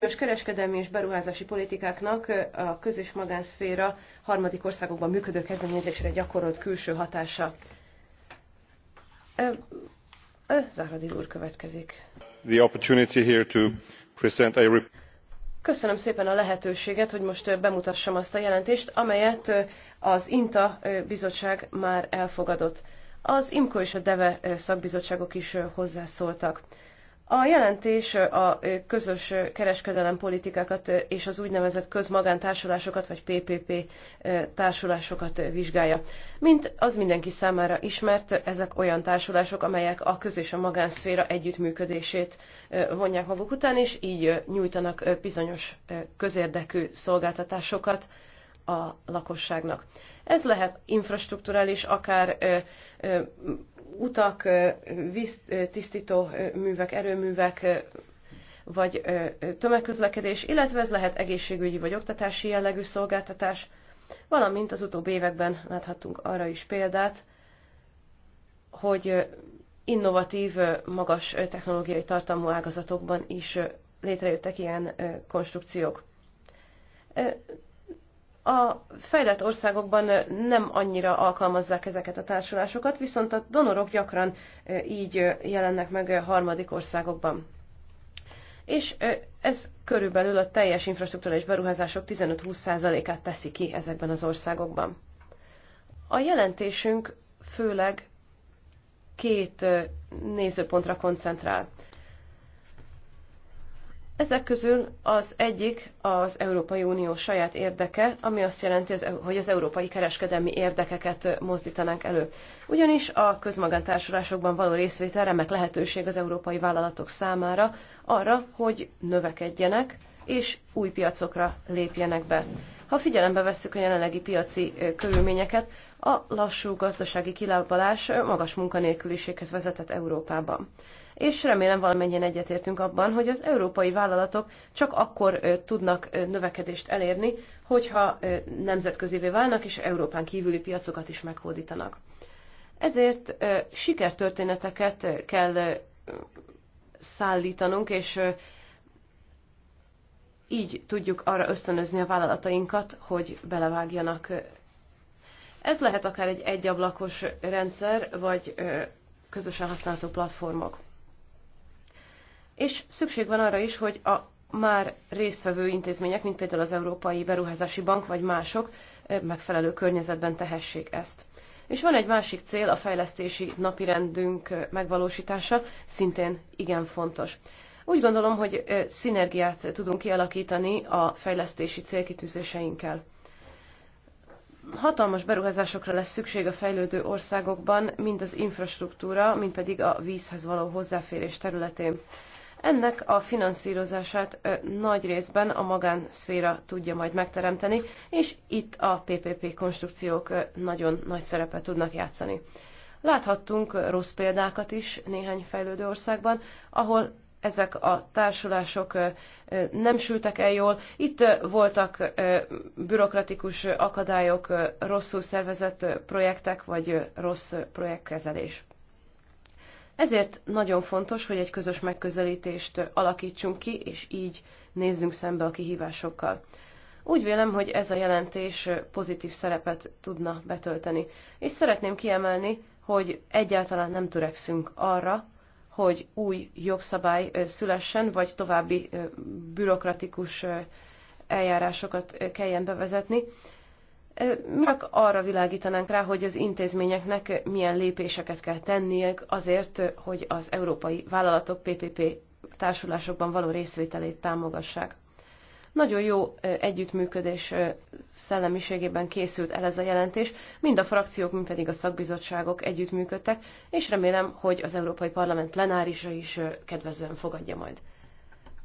uniós kereskedelmi és beruházási politikáknak a közös magánszféra harmadik országokban működő kezdeményezésre gyakorolt külső hatása. Záradi úr következik. The opportunity here to present a Köszönöm szépen a lehetőséget, hogy most bemutassam azt a jelentést, amelyet az INTA bizottság már elfogadott. Az IMKO és a DEVE szakbizottságok is hozzászóltak. A jelentés a közös kereskedelem politikákat és az úgynevezett közmagántársulásokat vagy PPP társulásokat vizsgálja. Mint az mindenki számára ismert, ezek olyan társulások, amelyek a köz- és a magánszféra együttműködését vonják maguk után, és így nyújtanak bizonyos közérdekű szolgáltatásokat a lakosságnak. Ez lehet infrastruktúrális, akár ö, ö, utak, ö, víztisztító művek, erőművek, ö, vagy ö, tömegközlekedés, illetve ez lehet egészségügyi vagy oktatási jellegű szolgáltatás, valamint az utóbbi években láthattunk arra is példát, hogy innovatív, magas technológiai tartalmú ágazatokban is létrejöttek ilyen konstrukciók a fejlett országokban nem annyira alkalmazzák ezeket a társulásokat, viszont a donorok gyakran így jelennek meg harmadik országokban. És ez körülbelül a teljes infrastruktúrális beruházások 15-20%-át teszi ki ezekben az országokban. A jelentésünk főleg két nézőpontra koncentrál. Ezek közül az egyik az Európai Unió saját érdeke, ami azt jelenti, e- hogy az európai kereskedelmi érdekeket mozdítanánk elő. Ugyanis a közmagántársulásokban való részvétel remek lehetőség az európai vállalatok számára arra, hogy növekedjenek és új piacokra lépjenek be. Ha figyelembe vesszük a jelenlegi piaci körülményeket, a lassú gazdasági kilábalás magas munkanélküliséghez vezetett Európában és remélem valamennyien egyetértünk abban, hogy az európai vállalatok csak akkor tudnak növekedést elérni, hogyha nemzetközévé válnak, és Európán kívüli piacokat is meghódítanak. Ezért sikertörténeteket kell szállítanunk, és így tudjuk arra ösztönözni a vállalatainkat, hogy belevágjanak. Ez lehet akár egy egyablakos rendszer, vagy közösen használható platformok és szükség van arra is, hogy a már résztvevő intézmények, mint például az Európai Beruházási Bank vagy mások megfelelő környezetben tehessék ezt. És van egy másik cél, a fejlesztési napirendünk megvalósítása, szintén igen fontos. Úgy gondolom, hogy szinergiát tudunk kialakítani a fejlesztési célkitűzéseinkkel. Hatalmas beruházásokra lesz szükség a fejlődő országokban, mind az infrastruktúra, mind pedig a vízhez való hozzáférés területén. Ennek a finanszírozását nagy részben a magánszféra tudja majd megteremteni, és itt a PPP konstrukciók nagyon nagy szerepet tudnak játszani. Láthattunk rossz példákat is néhány fejlődő országban, ahol ezek a társulások nem sültek el jól. Itt voltak bürokratikus akadályok, rosszul szervezett projektek vagy rossz projektkezelés. Ezért nagyon fontos, hogy egy közös megközelítést alakítsunk ki, és így nézzünk szembe a kihívásokkal. Úgy vélem, hogy ez a jelentés pozitív szerepet tudna betölteni, és szeretném kiemelni, hogy egyáltalán nem törekszünk arra, hogy új jogszabály szülessen, vagy további bürokratikus eljárásokat kelljen bevezetni csak arra világítanánk rá, hogy az intézményeknek milyen lépéseket kell tenniek azért, hogy az európai vállalatok PPP társulásokban való részvételét támogassák. Nagyon jó együttműködés szellemiségében készült el ez a jelentés, mind a frakciók, mind pedig a szakbizottságok együttműködtek, és remélem, hogy az Európai Parlament plenárisa is kedvezően fogadja majd.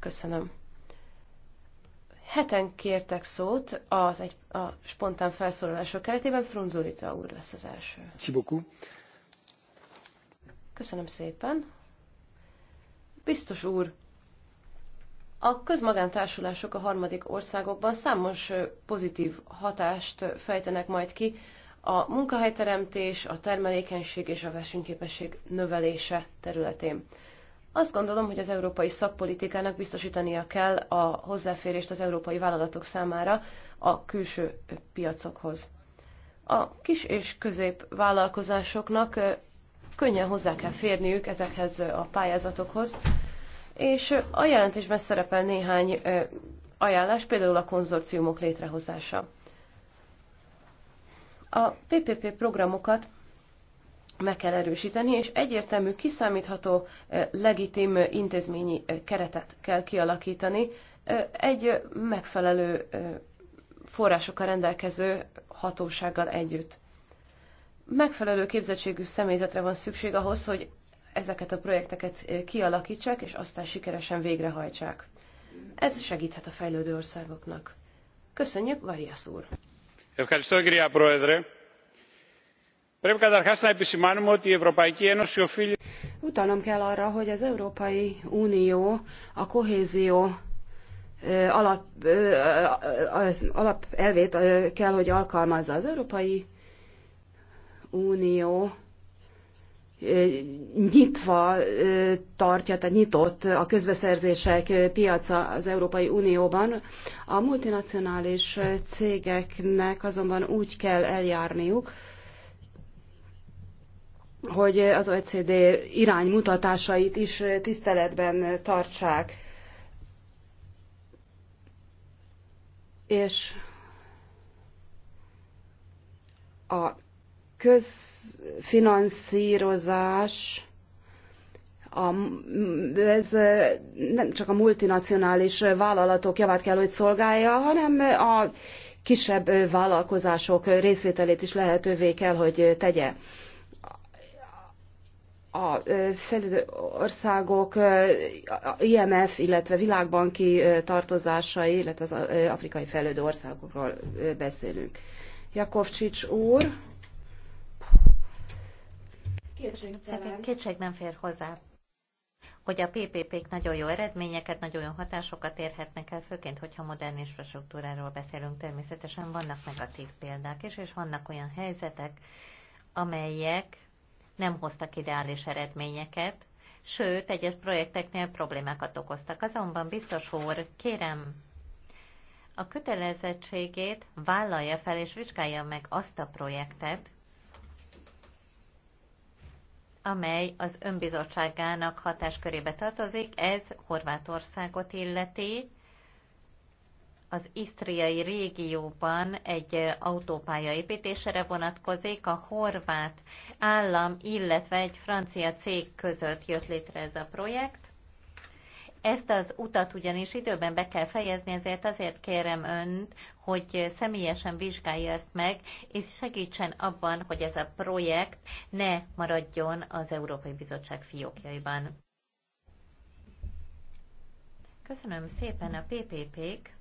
Köszönöm. Heten kértek szót az egy, a spontán felszólalások keretében, Frunzulita úr lesz az első. Sziboku. Köszönöm szépen. Biztos úr, a közmagántársulások a harmadik országokban számos pozitív hatást fejtenek majd ki, a munkahelyteremtés, a termelékenység és a versenyképesség növelése területén. Azt gondolom, hogy az európai szakpolitikának biztosítania kell a hozzáférést az európai vállalatok számára a külső piacokhoz. A kis és közép vállalkozásoknak könnyen hozzá kell férniük ezekhez a pályázatokhoz, és a jelentésben szerepel néhány ajánlás, például a konzorciumok létrehozása. A PPP programokat meg kell erősíteni, és egyértelmű, kiszámítható, eh, legitim eh, intézményi eh, keretet kell kialakítani egy megfelelő forrásokkal rendelkező hatósággal együtt. Megfelelő képzettségű személyzetre van szükség ahhoz, hogy ezeket a projekteket kialakítsák, és aztán sikeresen végrehajtsák. Ez segíthet a fejlődő országoknak. Köszönjük, Varias úr! Köszönjük, utalnom kell arra hogy az európai unió a kohézió alapelvét kell hogy alkalmazza. az európai unió nyitva tartja, tehát nyitott a közbeszerzések piaca az Európai Unióban. A multinacionális cégeknek azonban úgy kell eljárniuk, hogy az OECD iránymutatásait is tiszteletben tartsák. És a közfinanszírozás a, ez nem csak a multinacionális vállalatok javát kell, hogy szolgálja, hanem a kisebb vállalkozások részvételét is lehetővé kell, hogy tegye a fejlődő országok IMF, illetve világbanki tartozásai, illetve az afrikai fejlődő országokról beszélünk. Jakovcsics úr. Kétség nem fér hozzá, hogy a PPP-k nagyon jó eredményeket, nagyon jó hatásokat érhetnek el, főként, hogyha modern infrastruktúráról beszélünk. Természetesen vannak negatív példák is, és vannak olyan helyzetek, amelyek nem hoztak ideális eredményeket, sőt, egyes projekteknél problémákat okoztak. Azonban biztos úr, kérem, a kötelezettségét vállalja fel és vizsgálja meg azt a projektet, amely az önbizottságának hatáskörébe tartozik, ez Horvátországot illeti, az isztriai régióban egy autópálya építésére vonatkozik, a horvát állam, illetve egy francia cég között jött létre ez a projekt. Ezt az utat ugyanis időben be kell fejezni, ezért azért kérem önt, hogy személyesen vizsgálja ezt meg, és segítsen abban, hogy ez a projekt ne maradjon az Európai Bizottság fiókjaiban. Köszönöm szépen a PPP-k.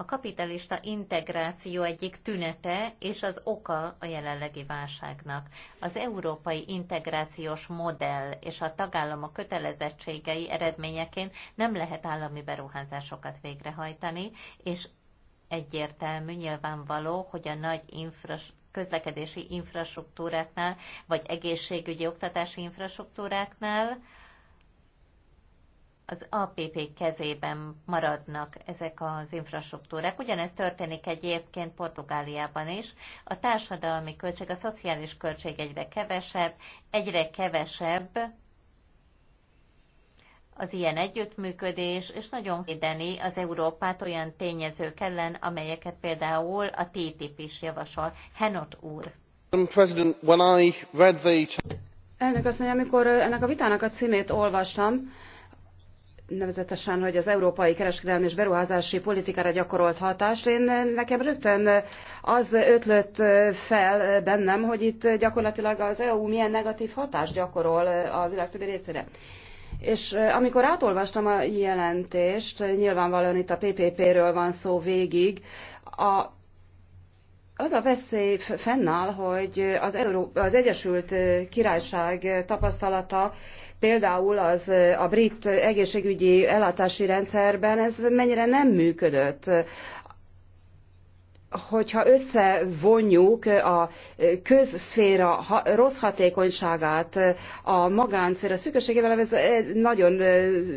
a kapitalista integráció egyik tünete és az oka a jelenlegi válságnak. Az európai integrációs modell és a tagállamok kötelezettségei eredményeként nem lehet állami beruházásokat végrehajtani, és egyértelmű, nyilvánvaló, hogy a nagy infras közlekedési infrastruktúráknál, vagy egészségügyi oktatási infrastruktúráknál az APP kezében maradnak ezek az infrastruktúrák. Ugyanez történik egyébként Portugáliában is. A társadalmi költség, a szociális költség egyre kevesebb, egyre kevesebb az ilyen együttműködés, és nagyon védeni az Európát olyan tényezők ellen, amelyeket például a TTIP is javasol. Henot úr. Elnök asszony, amikor ennek a vitának a címét olvastam, nevezetesen, hogy az európai kereskedelmi és beruházási politikára gyakorolt hatást. Én nekem rögtön az ötlött fel bennem, hogy itt gyakorlatilag az EU milyen negatív hatást gyakorol a világ többi részére. És amikor átolvastam a jelentést, nyilvánvalóan itt a PPP-ről van szó végig, a az a veszély fennáll, hogy az, Euró- az Egyesült Királyság tapasztalata például az a brit egészségügyi ellátási rendszerben ez mennyire nem működött. Hogyha összevonjuk a közszféra rossz hatékonyságát a magánszféra szükségeségevel, ez nagyon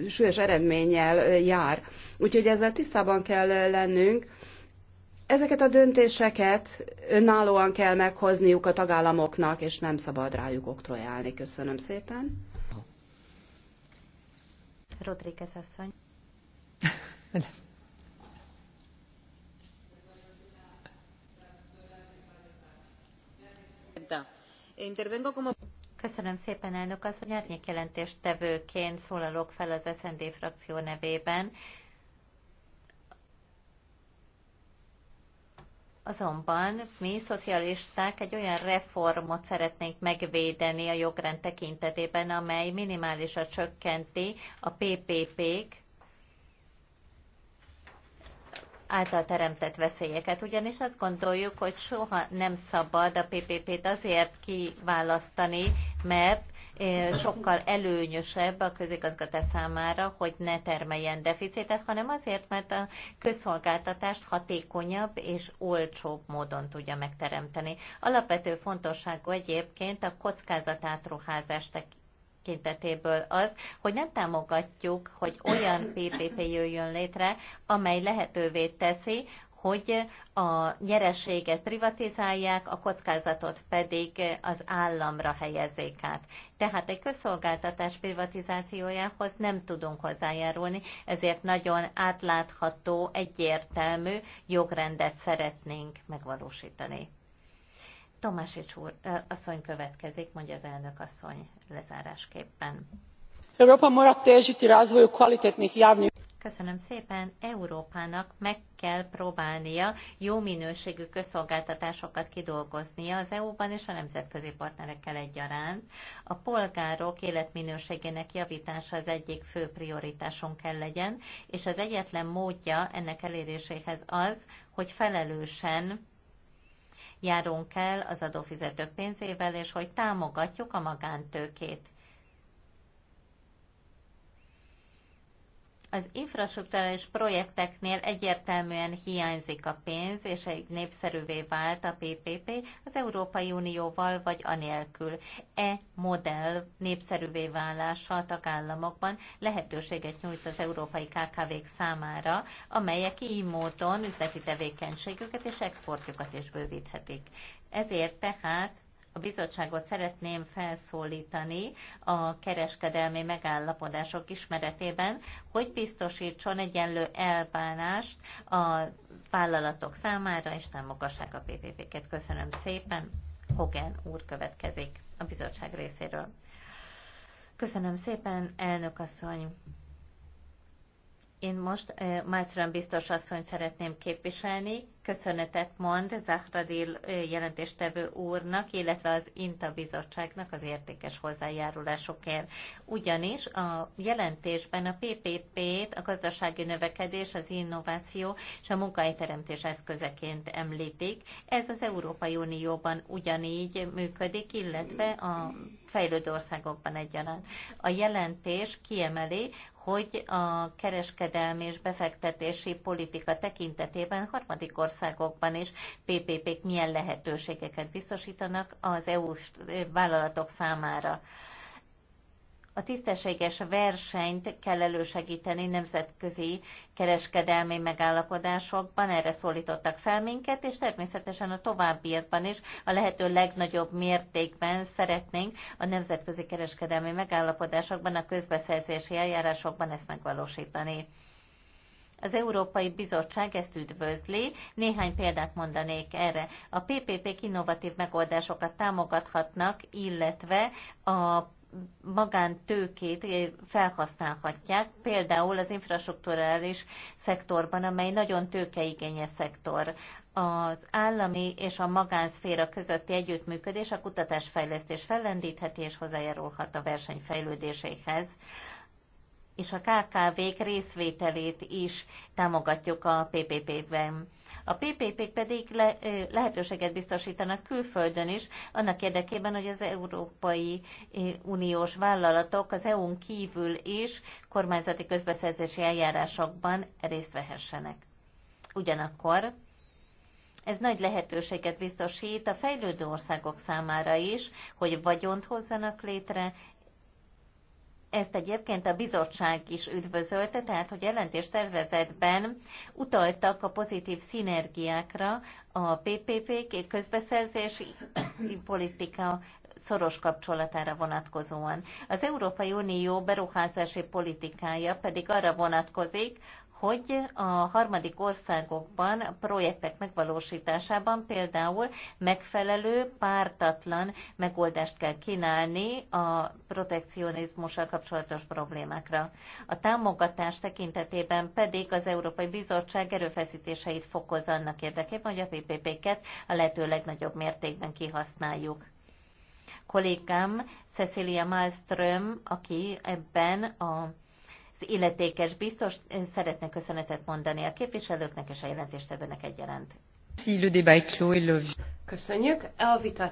súlyos eredménnyel jár. Úgyhogy ezzel tisztában kell lennünk Ezeket a döntéseket önállóan kell meghozniuk a tagállamoknak, és nem szabad rájuk oktrojálni. Köszönöm szépen. Rodríguez asszony. Köszönöm szépen, elnök asszony, árnyék jelentéstevőként szólalok fel az SND frakció nevében. Azonban mi, szocialisták, egy olyan reformot szeretnénk megvédeni a jogrend tekintetében, amely minimálisra csökkenti a PPP-k által teremtett veszélyeket, ugyanis azt gondoljuk, hogy soha nem szabad a PPP-t azért kiválasztani, mert sokkal előnyösebb a közigazgatás számára, hogy ne termeljen deficitet, hanem azért, mert a közszolgáltatást hatékonyabb és olcsóbb módon tudja megteremteni. Alapvető fontosságú egyébként a kockázatátruházás tekintetéből az, hogy nem támogatjuk, hogy olyan PPP jöjjön létre, amely lehetővé teszi, hogy a nyereséget privatizálják, a kockázatot pedig az államra helyezzék át. Tehát egy közszolgáltatás privatizációjához nem tudunk hozzájárulni, ezért nagyon átlátható, egyértelmű jogrendet szeretnénk megvalósítani. Tomásics úr, asszony következik, mondja az elnök asszony lezárásképpen. Európa maradt težiti razvoju kvalitetnih javnih Köszönöm szépen. Európának meg kell próbálnia jó minőségű közszolgáltatásokat kidolgoznia az EU-ban és a nemzetközi partnerekkel egyaránt. A polgárok életminőségének javítása az egyik fő prioritásunk kell legyen, és az egyetlen módja ennek eléréséhez az, hogy felelősen járunk el az adófizetők pénzével, és hogy támogatjuk a magántőkét. az infrastruktúrális projekteknél egyértelműen hiányzik a pénz, és egy népszerűvé vált a PPP az Európai Unióval vagy anélkül. E modell népszerűvé válása a tagállamokban lehetőséget nyújt az európai KKV-k számára, amelyek így módon üzleti tevékenységüket és exportjukat is bővíthetik. Ezért tehát a bizottságot szeretném felszólítani a kereskedelmi megállapodások ismeretében, hogy biztosítson egyenlő elbánást a vállalatok számára, és támogassák a PPP-ket. Köszönöm szépen. Hogan úr következik a bizottság részéről. Köszönöm szépen, elnök asszony. Én most eh, Mászrön biztos asszonyt szeretném képviselni, köszönetet mond Zahradil jelentéstevő úrnak, illetve az INTA bizottságnak az értékes hozzájárulásokért. Ugyanis a jelentésben a PPP-t a gazdasági növekedés, az innováció és a munkahelyteremtés eszközeként említik. Ez az Európai Unióban ugyanígy működik, illetve a fejlődő országokban egyaránt. A jelentés kiemeli, hogy a kereskedelmi és befektetési politika tekintetében harmadik országokban is PPP-k milyen lehetőségeket biztosítanak az EU-s eh, vállalatok számára a tisztességes versenyt kell elősegíteni nemzetközi kereskedelmi megállapodásokban, erre szólítottak fel minket, és természetesen a továbbiakban is a lehető legnagyobb mértékben szeretnénk a nemzetközi kereskedelmi megállapodásokban, a közbeszerzési eljárásokban ezt megvalósítani. Az Európai Bizottság ezt üdvözli. Néhány példát mondanék erre. A PPP innovatív megoldásokat támogathatnak, illetve a magántőkét felhasználhatják, például az infrastruktúrális szektorban, amely nagyon tőkeigénye szektor. Az állami és a magánszféra közötti együttműködés a kutatásfejlesztés fellendítheti és hozzájárulhat a versenyfejlődéséhez és a KKV-k részvételét is támogatjuk a PPP-ben. A PPP-k pedig le, lehetőséget biztosítanak külföldön is, annak érdekében, hogy az Európai Uniós vállalatok az EU-n kívül is kormányzati közbeszerzési eljárásokban részt vehessenek. Ugyanakkor ez nagy lehetőséget biztosít a fejlődő országok számára is, hogy vagyont hozzanak létre, ezt egyébként a bizottság is üdvözölte, tehát hogy jelentés tervezetben utaltak a pozitív szinergiákra a PPP közbeszerzési politika szoros kapcsolatára vonatkozóan. Az Európai Unió beruházási politikája pedig arra vonatkozik, hogy a harmadik országokban projektek megvalósításában például megfelelő, pártatlan megoldást kell kínálni a protekcionizmussal kapcsolatos problémákra. A támogatás tekintetében pedig az Európai Bizottság erőfeszítéseit fokoz annak érdekében, hogy a PPP-ket a lehető legnagyobb mértékben kihasználjuk kollégám Cecilia Malmström, aki ebben a illetékes biztos szeretne köszönetet mondani a képviselőknek és a jelentéstevőnek egyaránt. Köszönjük. A vitát